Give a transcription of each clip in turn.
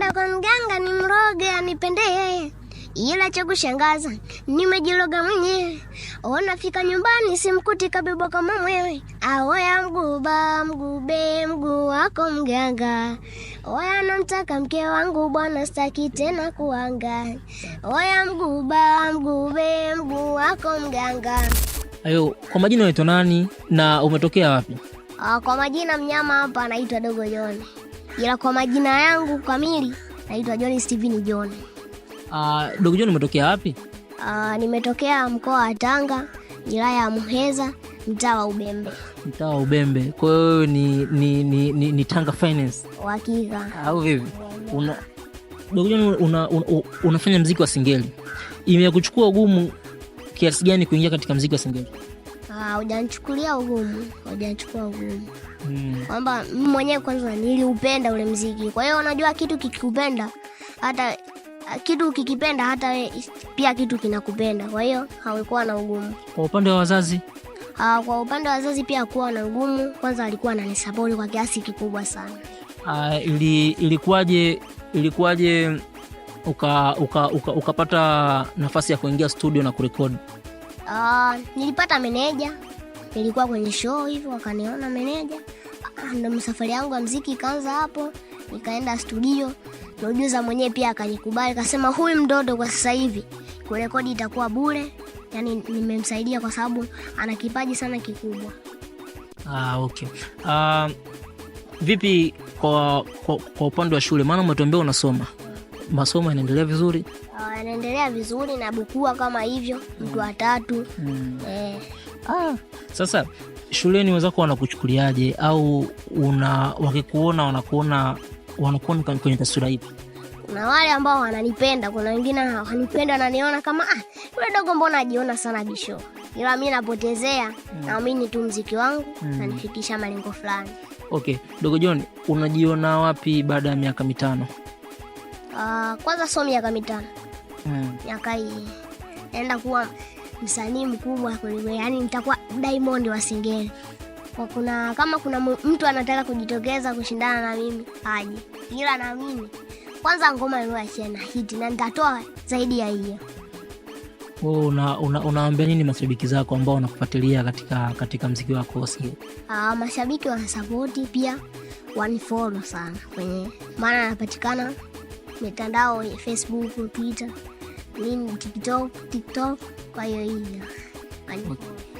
kwenda kwa mganga ni mroge anipendee, yeye, ila cha kushangaza nimejiloga mwenyewe. Onafika nyumbani simkuti kabibwa kama mwewe. Awoya mguba mgube mguu wako mganga. Oya namtaka mke wangu bwana, staki tena kuanga. Oya mguba mgube mguu wako mganga. Ayo, kwa majina unaitwa nani na umetokea wapi? Ah, kwa majina mnyama hapa anaitwa Dogo Joni ila kwa majina yangu kamili naitwa John Steven John. Uh, ah, Dogo John umetokea wapi? Uh, nimetokea mkoa wa Tanga, wilaya ya Muheza, mtaa wa Ubembe. Mtaa wa Ubembe. Kwa hiyo wewe ni, ni, ni, ni, ni Tanga Finance. Hakika. Au ah, vipi? Una Dogo John una, una, unafanya mziki wa singeli. Imekuchukua ugumu kiasi gani kuingia katika mziki wa singeli? haujanichukulia ah, ugumu, haujanichukua ugumu mm. kwamba mimi mwenyewe kwanza niliupenda ule mziki. Kwa hiyo unajua kitu kikupenda hata kitu kikipenda hata we, pia kitu kinakupenda. Kwa hiyo hawekuwa na ugumu. Kwa upande wa wazazi uh, kwa upande wa wazazi pia kuwa na ugumu, kwanza alikuwa ananisapoti kwa kiasi kikubwa sana. Uh, ili, ilikuwaje ilikuwaje ukapata uka, uka, uka nafasi ya kuingia studio na kurekodi? Ah, nilipata meneja, nilikuwa kwenye show hivyo, wakaniona meneja, ah, ndo msafari yangu ya mziki ikaanza hapo. Nikaenda studio, Naujuza mwenyewe pia akanikubali, kasema huyu mdodo kwa sasa hivi kurekodi itakuwa bure. Yani nimemsaidia kwa sababu ana kipaji sana kikubwa. Ah, okay. Ah, vipi kwa, kwa, kwa upande wa shule, maana umetuambia unasoma, masomo yanaendelea vizuri? wanaendelea ah, vizuri na Bukua kama hivyo mtu watatu mm. Eh. ah. Sasa shuleni wenzako wanakuchukuliaje au una wakikuona wanakuona wanakuona kwenye taswira ipi? Kuna wale ambao wananipenda, kuna wengine wanipenda wananiona kama ah, dogo mbona ajiona sana bisho, ila mi napotezea mm. naamini tu mziki wangu mm. nanifikisha malengo fulani. Okay, dogo John, unajiona wapi baada ya miaka mitano? Uh, kwanza sio miaka mitano mm. hii naenda kuwa msanii mkubwa kuliko, yani nitakuwa Diamond wa Singeli. Kwa kuna kama kuna mtu anataka kujitokeza kushindana na mimi aje, ila na mimi kwanza ngoma iliyoachia na hiti na nitatoa zaidi ya hiyo. Wewe una, una, una nini mashabiki zako ambao wanakufuatilia katika, katika mziki wako Singeli? Ah, mashabiki wanasapoti pia wanifollow sana kwenye, maana anapatikana mitandao ya Facebook, Twitter nini TikTok, TikTok. Kwa hiyo hiyo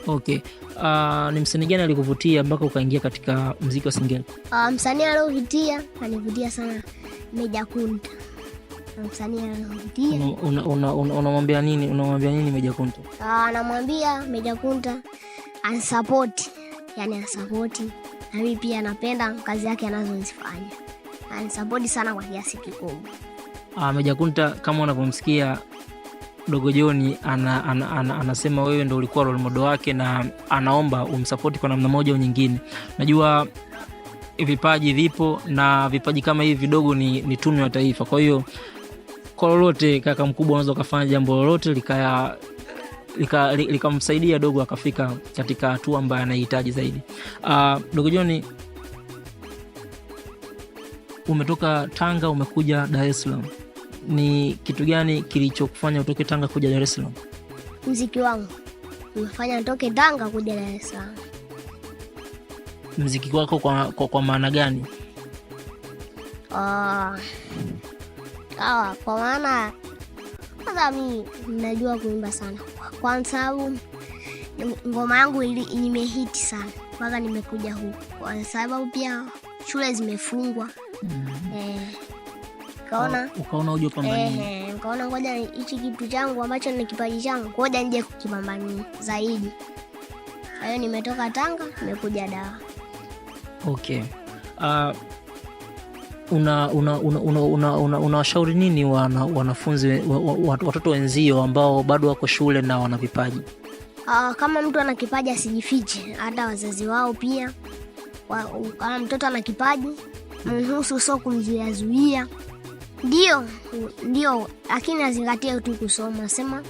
okay. Uh, ni msanii gani alikuvutia mpaka ukaingia katika mziki wa singeli? Uh, ah, msanii aliovutia alivutia sana Meja Kunta. Msanii aliovutia unamwambia una, una nini unamwambia nini Meja Kunta? Uh, ah, anamwambia Meja Kunta ansapoti, yani ansapoti nami pia anapenda kazi yake anazozifanya, ansapoti sana kwa kiasi kikubwa. Uh, Meja Kunta kama unavyomsikia Dogo Joni ana, ana, ana, anasema wewe ndo ulikuwa role model wake na anaomba umsapoti kwa namna moja au nyingine. Najua vipaji vipo na vipaji kama hivi vidogo ni, ni tunu ya taifa. Kwa hiyo kwa lolote, kaka mkubwa, unaweza ukafanya jambo lolote likaya likamsaidia lika dogo akafika katika hatua ambayo anahitaji zaidi. Uh, ah, dogo Joni, umetoka Tanga umekuja Dar es Salaam ni kitu gani kilichokufanya utoke Tanga kuja Dar es Salaam? Mziki wangu umefanya toke Tanga kuja Dar es Salaam. Mziki wako kwa, kwa, kwa maana gani? Uh, uh, kwa maana kwanza mi najua kuimba sana, kwa sababu ngoma yangu imehiti sana mpaka nimekuja huku, kwa sababu pia shule zimefungwa. mm -hmm. eh, Kaona ukaona uje upambanie. Eh, nikaona ngoja hichi kitu changu ambacho ni kipaji changu, ngoja nje kukipambania zaidi. Kwa hiyo nimetoka Tanga nimekuja Dawa. Okay. Uh, una una una una, una, una nini wana, wanafunzi watoto wenzio ambao bado wako shule na wana vipaji? Uh, kama mtu ana kipaji asijifiche, hata wazazi wao pia. Kama mtoto ana kipaji mhusu, so kumzuiazuia ndio, ndio, lakini nazingatia tu kusoma. Sema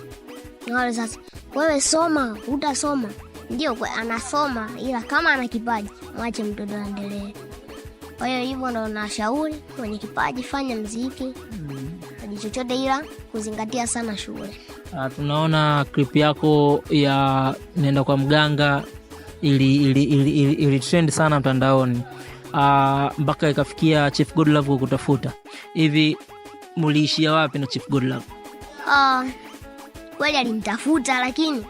wale sasa, wewe soma, utasoma. Ndio, anasoma ila kama ana kipaji, mwache mtoto aendelee. Kwa hiyo hivyo ndo nashauri, mwenye kipaji fanya mziki mm. aji chochote, ila kuzingatia sana shule. Ah, tunaona clip yako ya nenda kwa mganga ili, ili, ili, ili, ili trend sana mtandaoni uh, mpaka ikafikia Chief Godlove kukutafuta. Hivi muliishia wapi na Chief Godlove? Uh, ah, kweli alimtafuta lakini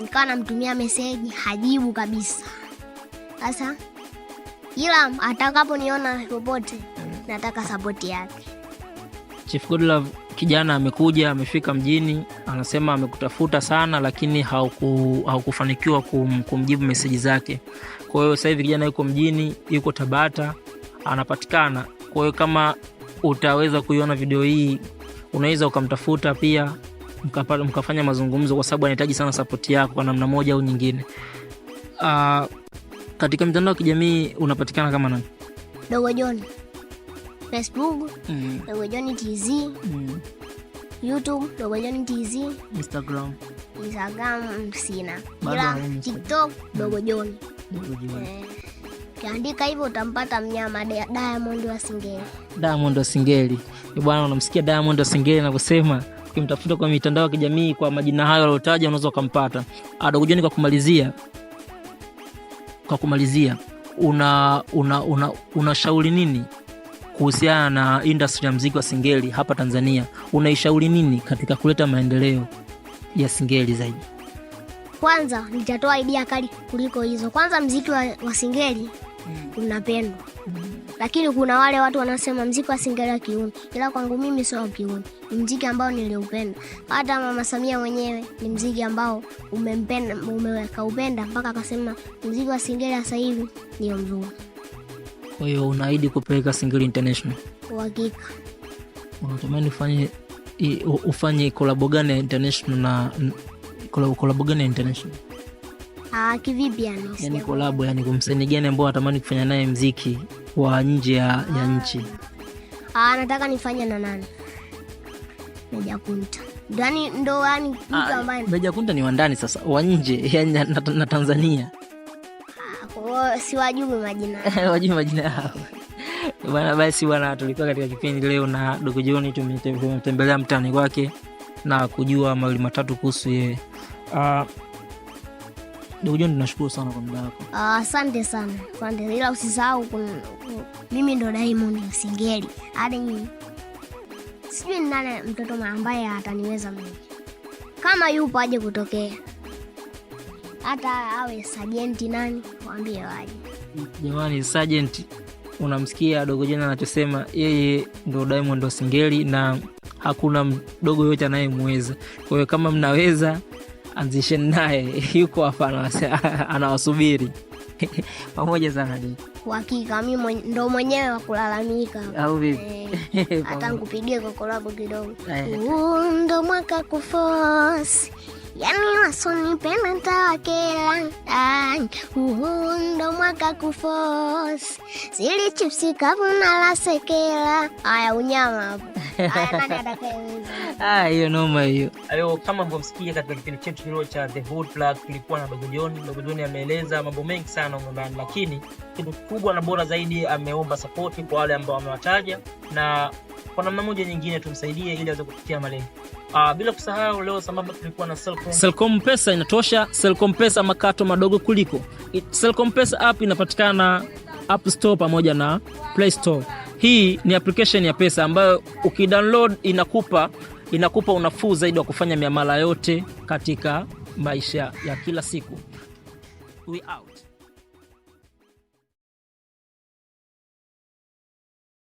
nikawa namtumia meseji hajibu kabisa. Sasa ila atakaponiona popote mm. nataka sapoti yake. Chief Godlove kijana amekuja amefika mjini, anasema amekutafuta sana, lakini hauku, haukufanikiwa kum, kumjibu meseji zake. Kwa hiyo sasa kijana yuko mjini, yuko Tabata anapatikana. Kwa hiyo kama utaweza kuiona video hii, unaweza ukamtafuta pia mka, mkafanya mazungumzo, kwa sababu anahitaji sana sapoti yako kwa namna moja au nyingine. Uh, katika mitandao ya kijamii unapatikana kama nani? Dogo Facebook mm. Dogwe TZ mm. YouTube Dogwe John TZ Instagram Instagram sina, ila TikTok Dogo mm. John eh. Ukiandika hivyo utampata mnyama Diamond wa Singeli. Diamond wa Singeli bwana, unamsikia Diamond wa Singeli anavyosema kimtafuta kwa mitandao ya kijamii kwa majina hayo aliyotaja unaweza ukampata. Dogo ah, John, kwa kumalizia, kwa kumalizia, una, una, una, unashauri nini kuhusiana na industry ya mziki wa singeli hapa Tanzania, unaishauri nini katika kuleta maendeleo ya singeli zaidi? Kwanza nitatoa idea kali kuliko hizo. Kwanza mziki wa, wa singeli mm. unapendwa mm. lakini kuna wale watu wanasema mziki wa singeli wa kiuni, ila kwangu mimi sio wa kiuni. Ni mziki ambao niliupenda, hata Mama Samia mwenyewe ni mziki ambao umempenda, upenda mpaka akasema mziki wa singeli sasa hivi ndio mzuri. Kwa hiyo unaahidi kupeleka Singeli International? Uhakika. Unatamani ufanye ufanye kolabo gani ya international na kolabo gani ya international? Ah, kivipi yani? Yani yaani kolabo yani kumsanii gani ambao unatamani kufanya naye mziki wa nje ya, ya ah. nchi? Ah, nataka nifanye na nani? Meja Kunta. Yaani ndo yani mtu ah, ambaye Meja Kunta ni wa ndani sasa, wa nje yani na, na, na Tanzania siwajui majina wajui majina yao bwana. Basi bwana, tulikuwa katika kipindi leo na Dogo John, tumetembelea mtani kwake na kujua mawili matatu kuhusu yeye. Uh, Dogo John, tunashukuru sana kwa muda wako. Ah, asante uh, sana asante, ila usisahau mimi ndo Diamond Singeli hadi sijui nani mtoto ambaye ataniweza mimi, kama yupo aje kutokea hata awe sajenti nani, waambie waje. Jamani, sajenti, unamsikia dogo jana anachosema, yeye ndo Diamond wa Singeli na hakuna mdogo yote anayemweza. Kwa hiyo kama mnaweza anzisheni naye, yuko hapa anawasubiri pamoja sana uhakika, mi ndo mwenyewe wa kulalamika au vipi? Eh, hata nkupigie kokolako kidogo, eh. ndo mwaka kufosi ya no son uhundo mwaka kufos sili chipsi aya unyama ah, hiyo noma hiyo leo kama ambomsikia katika kipindi chetu kilo cha the kilikuwa na dogojoni dogojoni ameeleza mambo mengi sana ndani lakini kitu kubwa na bora zaidi ameomba sapoti kwa wale ambao amewataja na kwa namna moja nyingine tumsaidie ili aweze kufikia malengo Uh, bila kusahau leo sababu tulikuwa na Selcom. Selcom pesa inatosha. Selcom pesa makato madogo kuliko. Selcom pesa app inapatikana App Store pamoja na Play Store. Hii ni application ya pesa ambayo ukidownload inakupa inakupa unafuu zaidi wa kufanya miamala yote katika maisha ya kila siku. We out.